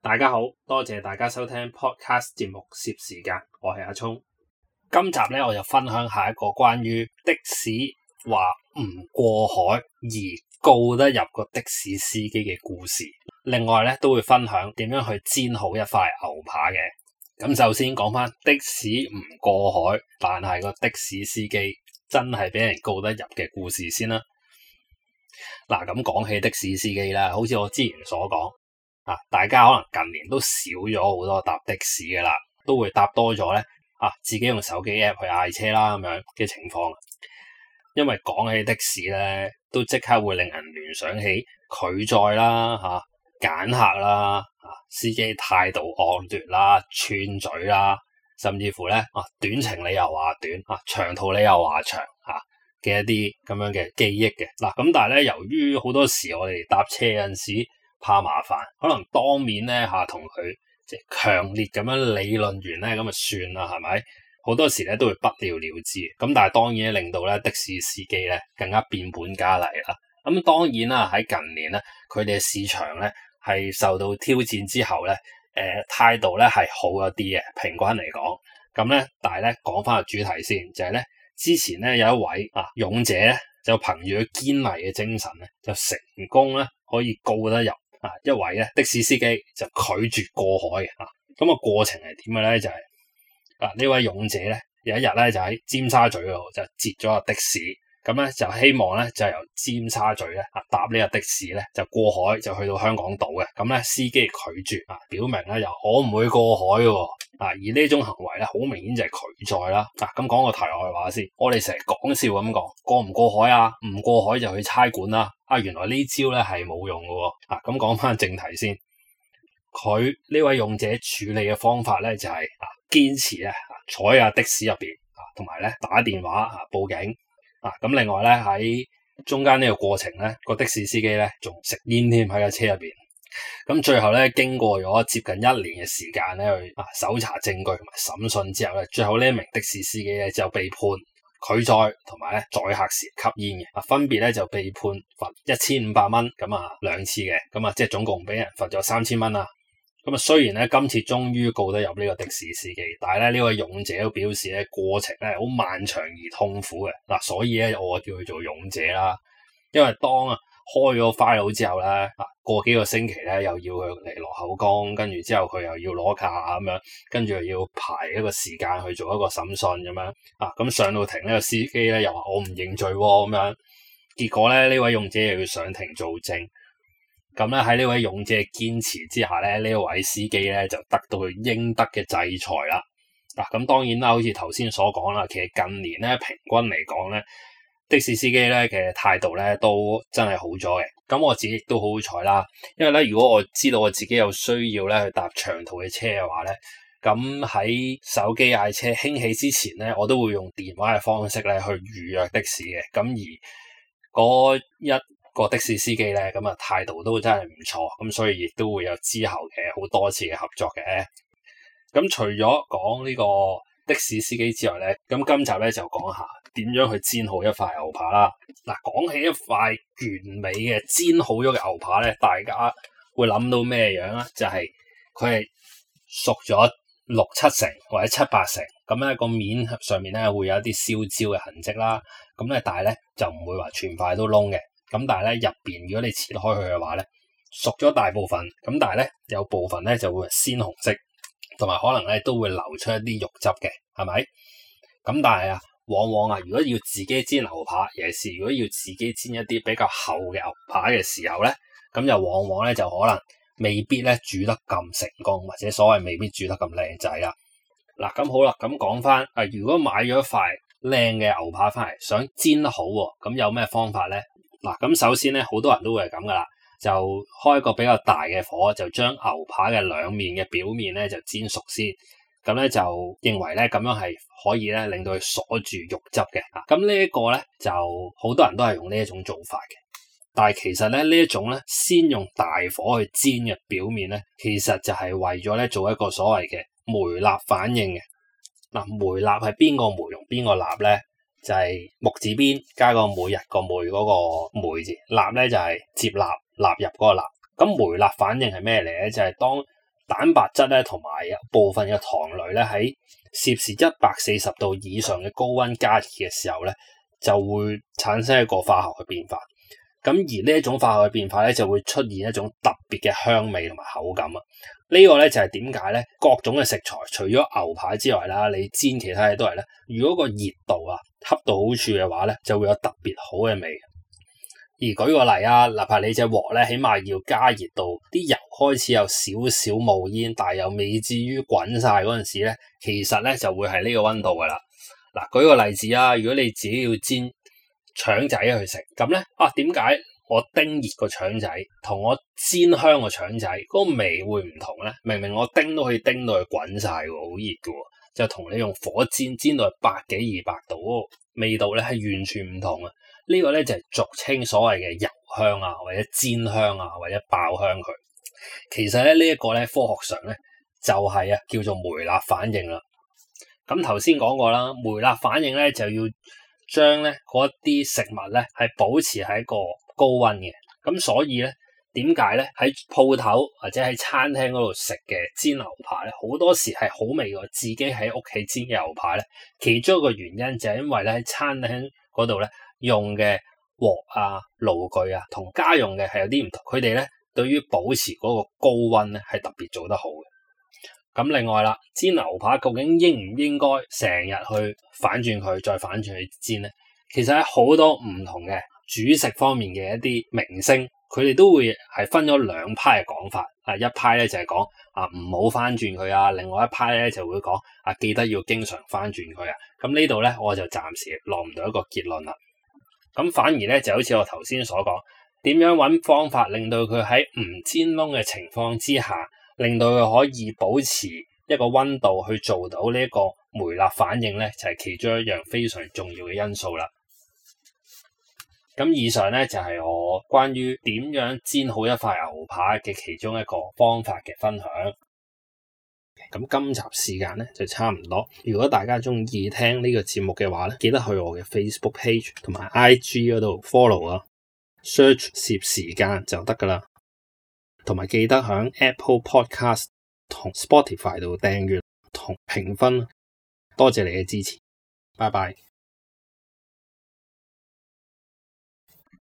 大家好，多謝大家收聽 Podcast 節目攝時間，我係阿聰。今集咧，我就分享下一個關於的士話唔過海而告得入個的士司機嘅故事。另外咧，都會分享點樣去煎好一塊牛扒嘅。咁首先講翻的士唔過海，但係個的士司機真係俾人告得入嘅故事先啦。嗱，咁講起的士司機啦，好似我之前所講。啊！大家可能近年都少咗好多搭的士嘅啦，都會搭多咗咧啊！自己用手機 app 去嗌車啦，咁樣嘅情況。因為講起的士咧，都即刻會令人聯想起拒載啦、嚇揀客啦、啊司機態度惡劣啦、串嘴啦，甚至乎咧啊短程你又話短，啊長途你又話長，啊嘅一啲咁樣嘅記憶嘅。嗱咁，但係咧由於好多時我哋搭車嗰陣時，怕麻煩，可能當面咧吓同佢即係強烈咁樣理論完咧，咁啊算啦，係咪？好多時咧都會不了了之，咁但係當然令到咧的士司機咧更加變本加厲啦。咁當然啦，喺近年咧，佢哋嘅市場咧係受到挑戰之後咧，誒、呃、態度咧係好一啲嘅，平均嚟講。咁咧，但係咧講翻個主題先，就係、是、咧之前咧有一位啊勇者呢，就憑住佢堅毅嘅精神咧，就成功啦可以告得入。啊！一位咧的士司機就拒絕過海啊，咁個過程係點嘅咧？就係啊呢位勇者咧有一日咧就喺尖沙咀嗰度就截咗個的士。咁咧就希望咧就由尖沙咀咧啊搭呢架的士咧就過海就去到香港島嘅。咁咧司機拒絕啊，表明咧又，我唔會過海嘅。嗱，而呢種行為咧好明顯就係拒載啦。嗱，咁講個題外話先，我哋成日講笑咁講，過唔過海啊？唔過海就去差館啦。啊，原來呢招咧係冇用嘅。嗱，咁講返正題先，佢呢位用者處理嘅方法咧就係啊堅持咧坐喺啊的士入邊啊，同埋咧打電話啊報警。啊！咁另外咧，喺中間呢個過程咧，個的士司機咧仲食煙添喺架車入邊。咁、啊、最後咧，經過咗接近一年嘅時間咧去啊搜查證據同埋審訊之後咧，最後呢一名的士司機咧就被判拒載同埋咧載客時吸煙嘅。啊，分別咧就被判罰一千五百蚊咁啊兩次嘅，咁啊即係總共俾人罰咗三千蚊啊。咁啊，雖然咧今次終於告得入呢個的士司機，但係咧呢位、這個、勇者都表示咧過程咧好漫長而痛苦嘅。嗱，所以咧我就叫佢做勇者啦。因為當啊開咗 file 之後咧，啊過幾個星期咧又要佢嚟落口供，跟住之後佢又要攞卡咁樣，跟住又要排一個時間去做一個審訊咁樣啊。咁、嗯、上到庭呢、這個司機咧又話我唔認罪咁樣，結果咧呢位、這個、勇者又要上庭做證。咁咧喺呢位勇者嘅堅持之下咧，呢位司機咧就得到佢應得嘅制裁啦。嗱、啊，咁當然啦，好似頭先所講啦，其實近年咧平均嚟講咧，的士司機咧嘅態度咧都真係好咗嘅。咁我自己都好好彩啦，因為咧如果我知道我自己有需要咧去搭長途嘅車嘅話咧，咁喺手機嗌車興起之前咧，我都會用電話嘅方式咧去預約的士嘅。咁而嗰一個的士司機咧，咁啊態度都真係唔錯，咁所以亦都會有之後嘅好多次嘅合作嘅。咁除咗講呢個的士司機之外咧，咁今集咧就講下點樣去煎好一塊牛扒啦。嗱，講起一塊完美嘅煎好咗嘅牛扒咧，大家會諗到咩樣咧？就係佢係熟咗六七成或者七八成，咁、那、咧個面上面咧會有一啲燒焦嘅痕跡啦。咁咧但係咧就唔會話全塊都燶嘅。咁但係咧，入邊如果你切開佢嘅話咧，熟咗大部分。咁但係咧，有部分咧就會鮮紅色，同埋可能咧都會流出一啲肉汁嘅，係咪？咁但係啊，往往啊，如果要自己煎牛扒，尤其是如果要自己煎一啲比較厚嘅牛扒嘅時候咧，咁就往往咧就可能未必咧煮得咁成功，或者所謂未必煮得咁靚仔啦。嗱、就是，咁、啊、好啦，咁講翻啊，如果買咗一塊靚嘅牛扒翻嚟，想煎得好喎，咁有咩方法咧？嗱，咁首先咧，好多人都會係咁噶啦，就開一個比較大嘅火，就將牛扒嘅兩面嘅表面咧就煎熟先。咁咧就認為咧，咁樣係可以咧令到佢鎖住肉汁嘅。咁呢一個咧，就好多人都係用呢一種做法嘅。但係其實咧，呢一種咧，先用大火去煎嘅表面咧，其實就係為咗咧做一個所謂嘅梅納反應嘅。嗱，梅納係邊個梅同邊個納咧？就係木字邊加個每日個梅嗰個梅字，納咧就係接納納入嗰個納。咁梅納反應係咩嚟咧？就係、是、當蛋白質咧同埋部分嘅糖類咧喺攝氏一百四十度以上嘅高溫加熱嘅時候咧，就會產生一個化學嘅變化。咁而呢一種化學嘅變化咧，就會出現一種特別嘅香味同埋口感啊！這個、呢個咧就係點解咧？各種嘅食材除咗牛扒之外啦，你煎其他嘢都係咧。如果個熱度啊恰到好處嘅話咧，就會有特別好嘅味。而舉個例啊，哪怕你隻鑊咧，起碼要加熱到啲油開始有少少冒煙，但係又未至於滾晒嗰陣時咧，其實咧就會係呢個温度㗎喇。嗱，舉個例子啊，如果你自己要煎。腸仔去食咁咧，啊點解我叮熱個腸仔同我煎香個腸仔嗰個味會唔同咧？明明我叮都可以叮到佢滾晒喎，好熱㗎喎，就同你用火煎煎到百幾二百度，味道咧係完全唔同啊！這個、呢個咧就係、是、俗稱所謂嘅油香啊，或者煎香啊，或者爆香佢。其實咧呢一、這個咧科學上咧就係、是、啊叫做梅納反應啦。咁頭先講過啦，梅納反應咧就要。將咧嗰一啲食物咧係保持喺一個高溫嘅，咁所以咧點解咧喺鋪頭或者喺餐廳嗰度食嘅煎牛扒咧，好多時係好味過自己喺屋企煎嘅牛扒咧？其中一個原因就係因為咧喺餐廳嗰度咧用嘅鑊啊、爐具啊，同家用嘅係有啲唔同，佢哋咧對於保持嗰個高溫咧係特別做得好嘅。咁另外啦，煎牛扒究竟應唔應該成日去反轉佢，再反轉去煎呢？其實喺好多唔同嘅煮食方面嘅一啲明星，佢哋都會係分咗兩派嘅講法。啊，一派咧就係講啊唔好翻轉佢啊，另外一派咧就會講啊記得要經常翻轉佢啊。咁呢度咧我就暫時落唔到一個結論啦。咁反而咧就好似我頭先所講，點樣揾方法令到佢喺唔煎燶嘅情況之下？令到佢可以保持一個温度去做到呢一個梅納反應咧，就係、是、其中一樣非常重要嘅因素啦。咁以上咧就係、是、我關於點樣煎好一塊牛扒嘅其中一個方法嘅分享。咁今集時間咧就差唔多，如果大家鍾意聽呢個節目嘅話咧，記得去我嘅 Facebook page 同埋 IG 度 follow 啊，search 攝時間就得噶啦。同埋記得喺 Apple Podcast 同 Spotify 度訂閱同評分，多謝你嘅支持，拜拜。